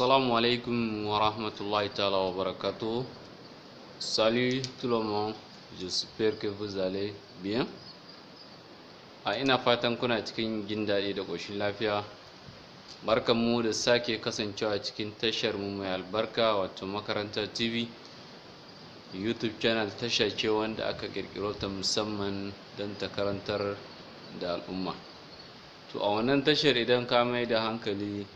Assalamu alaikum wa rahmatullahi wa barakatuh. Salut tout le monde, j'espère que vous allez bien. A ina fatan kuna cikin jin daɗi da ƙoshin lafiya. mu da sake kasancewa cikin tashar mu mai albarka wato makarantar TV. YouTube channel tasha ce wanda aka ƙirƙiro ta musamman don ta karantar da al'umma. To a wannan tashar idan ka mai da hankali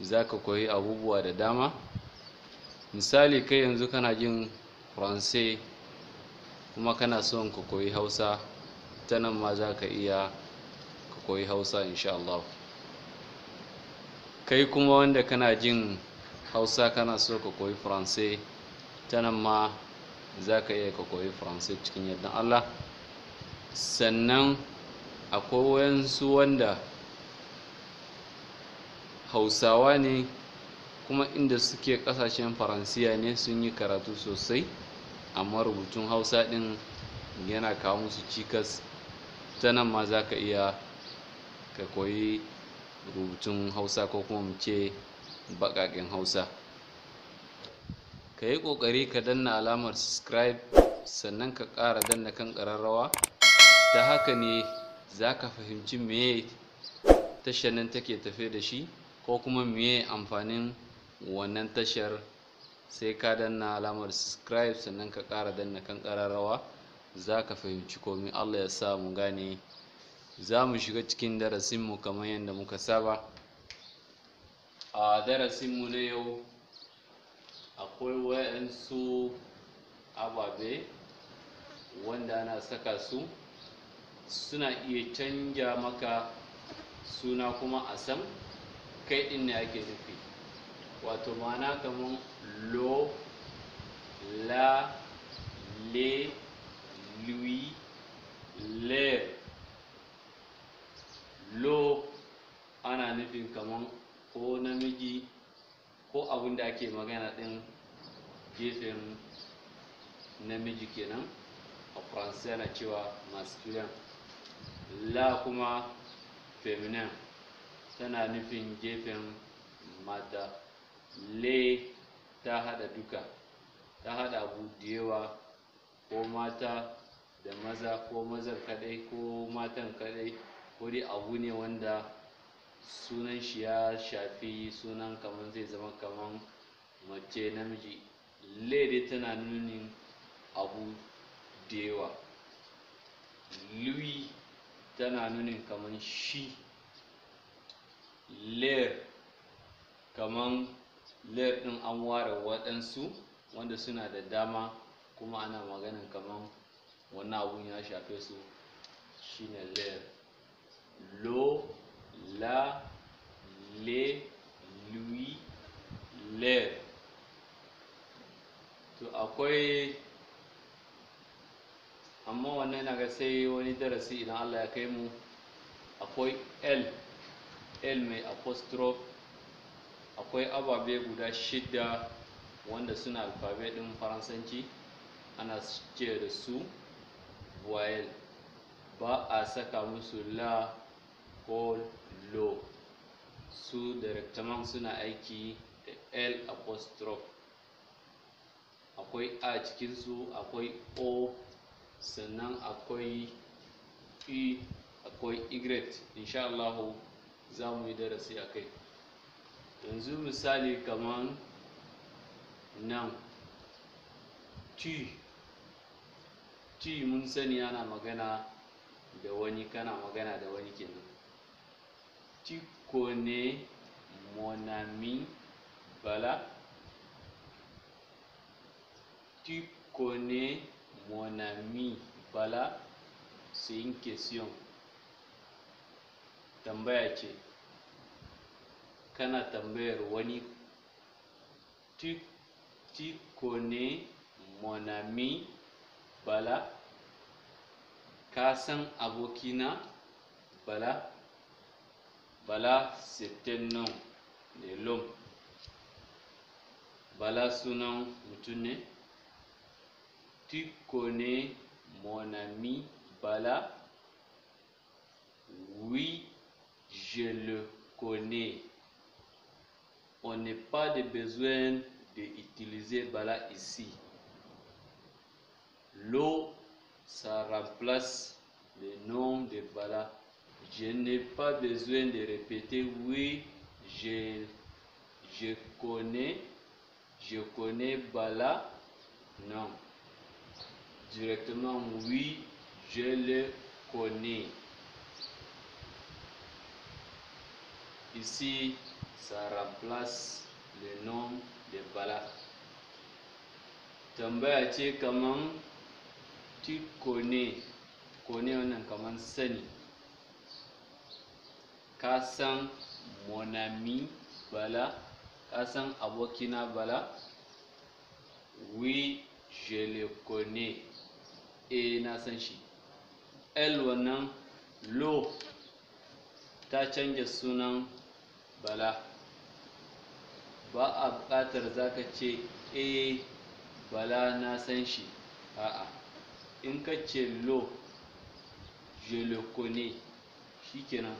za ka koyi abubuwa da dama misali kai yanzu kana jin france kuma kana son ka koyi hausa ta nan ma za ka iya ka koyi hausa insha Allah kai kuma wanda kana jin hausa kana so ka koyi france ta nan ma za ka iya ka koyi france cikin yadda Allah sannan akwai wayansu wanda hausawa ne kuma inda suke kasashen faransiya ne sun yi karatu sosai amma rubutun hausa din yana kawo musu cikas ta nan ma za ka iya ka koyi rubutun hausa ko kuma mu ce baƙaƙen hausa ka yi ƙoƙari ka danna alamar subscribe sannan ka ƙara danna kan ƙararrawa ta haka ne za ka fahimci meye tashanin take tafe da shi ko kuma miye amfanin wannan tashar sai ka danna alamar subscribe sannan ka ƙara danna kan ƙararrawa za ka fahimci komai allah ya sa mu gane za mu shiga cikin darasinmu kamar yadda muka saba a darasinmu na yau akwai wayansu ababe wanda ana saka su suna iya canja maka suna kuma a san kai din ne ake nufi wato ma'ana kamar lo la le lui le lo ana nufin kamar ko namiji ko abin da ake magana din gefen namiji kenan a faransa yana cewa masculine la kuma feminin tana nufin gefen mata le ta hada duka ta hada abu da yawa ko mata da maza ko mazar kadai ko matan kadai ko dai abu ne wanda sunan shi ya shafi sunan kaman zai zama kaman mace namiji le dai tana nunin abu da yawa lui tana nunin kaman shi layer kaman layer din an ware waɗansu wanda suna da dama kuma ana maganin kaman wannan abun ya shafe su shine layer lo la le lui layer to akwai amma wannan na ga sai wani darasi idan Allah ya kai mu akwai l l mai apostrophe akwai ababe guda shida wanda suna alfabe ɗin faransanci ana ce da su voyelle ba a saka musu la ko lo su directement suna aiki da l apostrophe akwai a cikinsu akwai o sannan akwai e akwai y insha za mu yi darasi a kai yanzu misali kamar nan t t mun sani ana magana da wani kana magana da wani kenan ti ko ne monami bala tu ko ne monami bala question. tambaya ce kana tambayar wani tu connais mon bala ka san abokina bala bala c'était de bala sunan mutum ne tu connais bala oui je le connais. On n'a pas de besoin d'utiliser Bala ici. L'eau, ça remplace le nom de Bala. Je n'ai pas besoin de répéter oui, je, je connais, je connais Bala. Non. Directement, oui, je le connais. Ici, ça remplace le nom de Bala. Tambaya ce kaman tu connais, connais wannan kaman sani. Ka san mon ami Bala, ka abokina Bala? Oui, je le connais. Eh, na san shi. non, wannan lo ta canza sunan bala ba a buƙatar za ka ce eh bala na san shi a'a in ka ce lo je le connais shikenan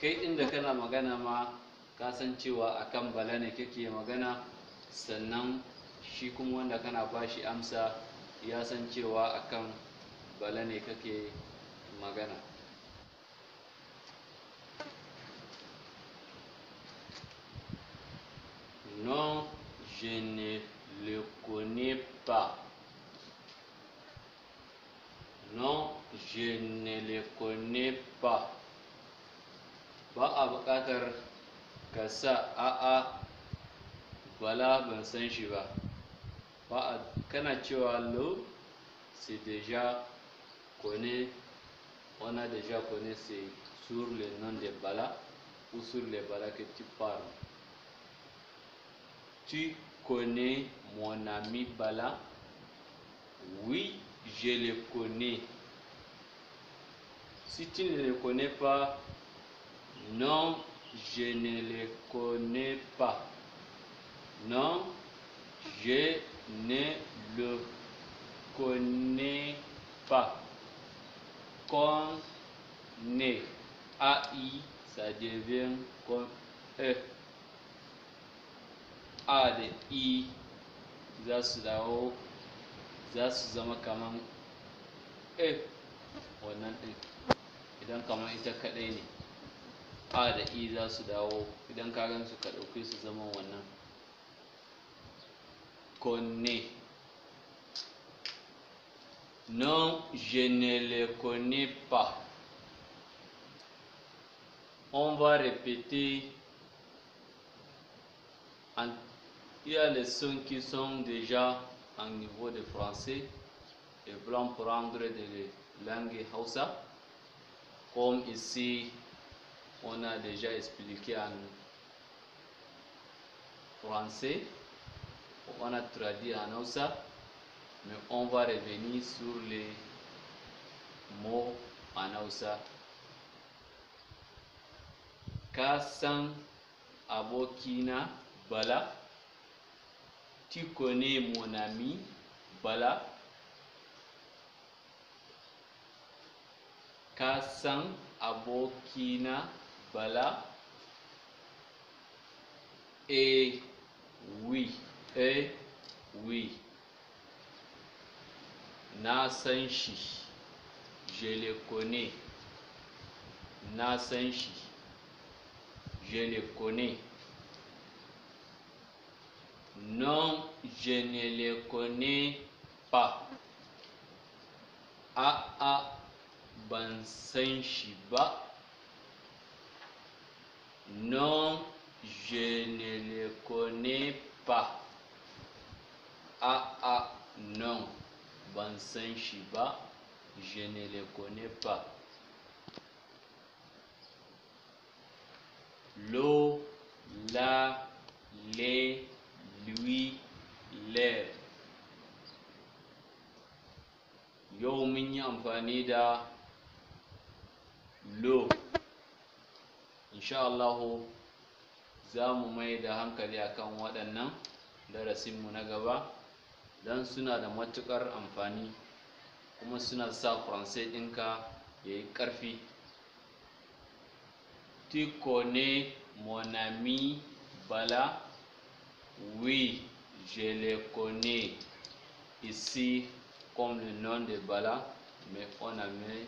kai inda kana magana ma ka san cewa akan bala ne kake magana sannan shi kuma wanda kana bashi amsa ya san cewa akan bala ne kake magana Non, je ne le connais pas. Non, je ne le connais pas. Ba Abakar Kasa, a'a bala ban san shi ba. Ba kana cewa c'est déjà connu, on a déjà connu sur le nom de bala ou sur les bala que tu parles. Tu connais mon ami Bala Oui, je le connais. Si tu ne le connais pas, non, je ne le connais pas. Non, je ne le connais pas. Connais. I, ça devient comme euh, a da E za su dawo za su zama kaman e wannan ɗin idan kaman ita kaɗai ne a da E za su dawo idan ka gansu ka su zama wannan connais. Non, je ne le connais pas. On va répéter en Il y a les sons qui sont déjà en niveau de français et blanc prendre de langue Hausa. Comme ici, on a déjà expliqué en français, on a traduit en Hausa, mais on va revenir sur les mots en Hausa. Kasan abokina bala. Tu connais mon ami Bala Ka san abokina Bala Eh oui, eh oui. Na san shi, je le connais. Na san shi, je le connais. Non, je ne le connais pas. Ah ban san shi Non, je ne le connais pas. ah, non, ban san Je ne le connais pas. L'eau, la, les, Louis Lair yau mun yi amfani da lo insha Allahu za mu mai da hankali akan waɗannan darasin mu na gaba don suna da matuƙar amfani kuma suna sa faransai ɗinka ya yi ƙarfi Tikone Monami bala Oui, je le connais. Ici, comme le nom de Bala, mais on a mis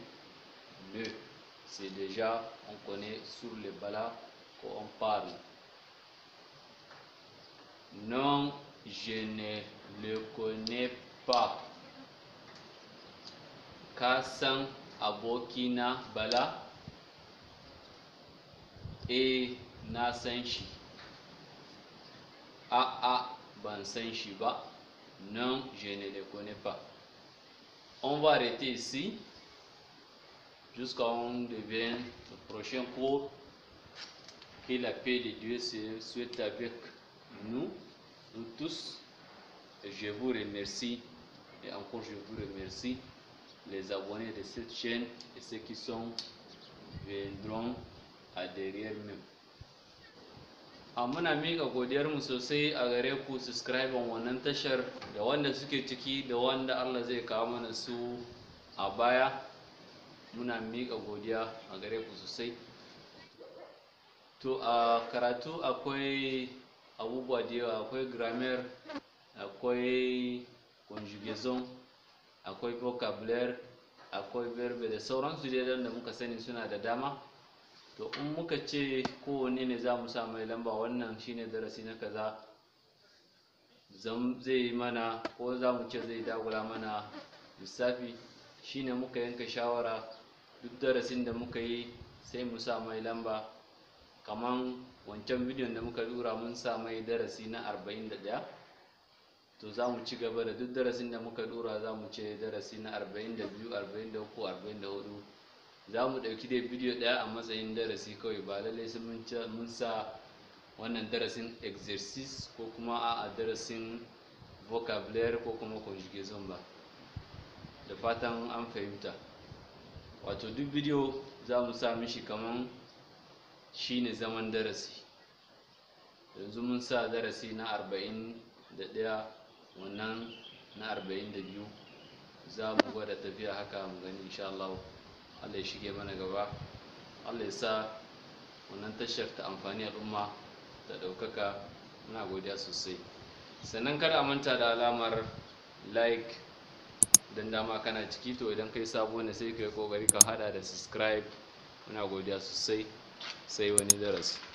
le. C'est déjà, on connaît sur le Bala qu'on parle. Non, je ne le connais pas. Kassan abokina Bala et na ah A. non je ne le connais pas on va arrêter ici jusqu'à on devient le prochain cours que la paix de Dieu soit avec nous nous tous je vous remercie et encore je vous remercie les abonnés de cette chaîne et ceux qui sont viendront à derrière nous. muna miƙa godiyarmu sosai a gare ku subscriben wannan tashar da wanda suke ciki da wanda allah zai kawo mana su a baya muna mika godiya a gare ku sosai to a karatu akwai abubuwa da yawa akwai grammar akwai conjugaison akwai vocabulary akwai verbe da sauransu dai da muka sani suna da dama to in muka ce kowane ne za mu sa mai lamba wannan shine darasi na kaza zai mana ko za mu ce zai dagula mana lissafi shine muka yanka shawara duk darasin da muka yi sai mu sa mai lamba kaman wancan bidiyon da muka lura mun sa mai darasi na 41 to za mu ci gaba da duk darasin da muka lura za mu ce darasi na 42 43 44 za mu ɗauki dai bidiyo ɗaya a matsayin darasi kawai ba lallai sai mun sa wannan darasin exercise ko kuma a darasin vocabulary ko kuma conjugation ba da fatan an fahimta wato duk bidiyo za mu sa mishi kaman ne zaman darasi yanzu mun sa darasi na arba'in wannan na arba'in da biyu za mu gwada tafiya haka mu gani insha Allah allah ya shige mana gaba allah ya sa wannan tashar ta amfani al'umma da ɗaukaka muna godiya sosai sannan kada manta da alamar like don dama kana ciki to idan kai sabo ne sai kai kokari ka hada da subscribe muna godiya sosai sai wani darasi